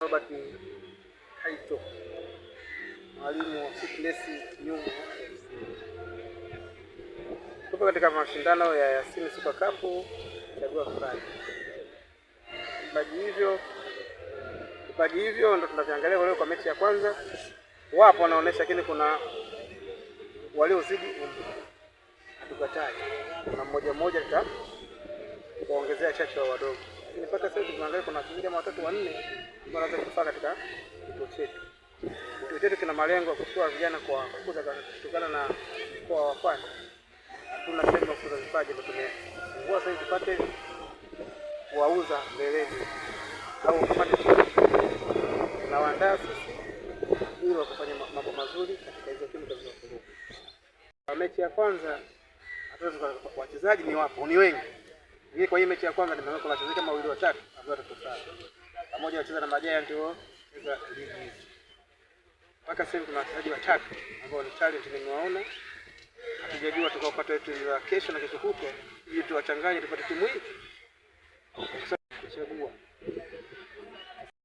Albert Kaito, mwalimu wa fitness nyuma. Tupo katika mashindano ya Yasini Super Cup, chagua vipaji. Vipaji hivyo vipaji hivyo ndo tunaviangalia leo kwa mechi ya kwanza. Wapo wanaonesha, lakini kuna waliozidi umri, hatukataji. Kuna mmoja mmoja tutawaongezea chachu wa wadogo mpaka sasa tunaangalia kuna wachunguzi ama watatu wanne ambao wanaweza kufaa katika kituo chetu. Kituo chetu kina malengo ya kutoa vijana kwa kukuza kutokana na mkoa wa Pwani. Tuna sehemu ya kukuza vipaji ndio tumefungua sasa, tupate kuwauza mbeleni au kupate na waandaa sisi ili wakufanya mambo mazuri katika hizo timu tulizofuruka. Mechi ya kwanza hata wachezaji ni wapo, ni wengi hii kwa hii mechi ya kwanza nimeweka wachezaji kama wawili watatu ambao watatofana. Pamoja wacheza na Majaya ndio cheza ligi hii. Mpaka sasa kuna wachezaji watatu ambao ni challenge nimewaona. Hatujajua tukapata yetu ya kesho na kesho huko ili tuwachanganye tupate timu hii. Kuchagua.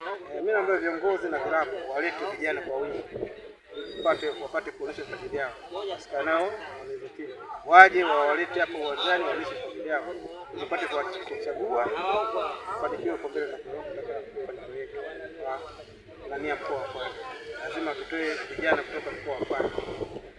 Eh, mimi naomba viongozi na klabu walete vijana kwa wingi wapate wapate kuonyesha vipaji vyao, nao waje wawalete hapo uwanjani waonyeshe yao ipate kuchagua kufanikiwa kwa mbele na nia mkoa wa Pwani. Lazima tutoe vijana kutoka mkoa wa Pwani.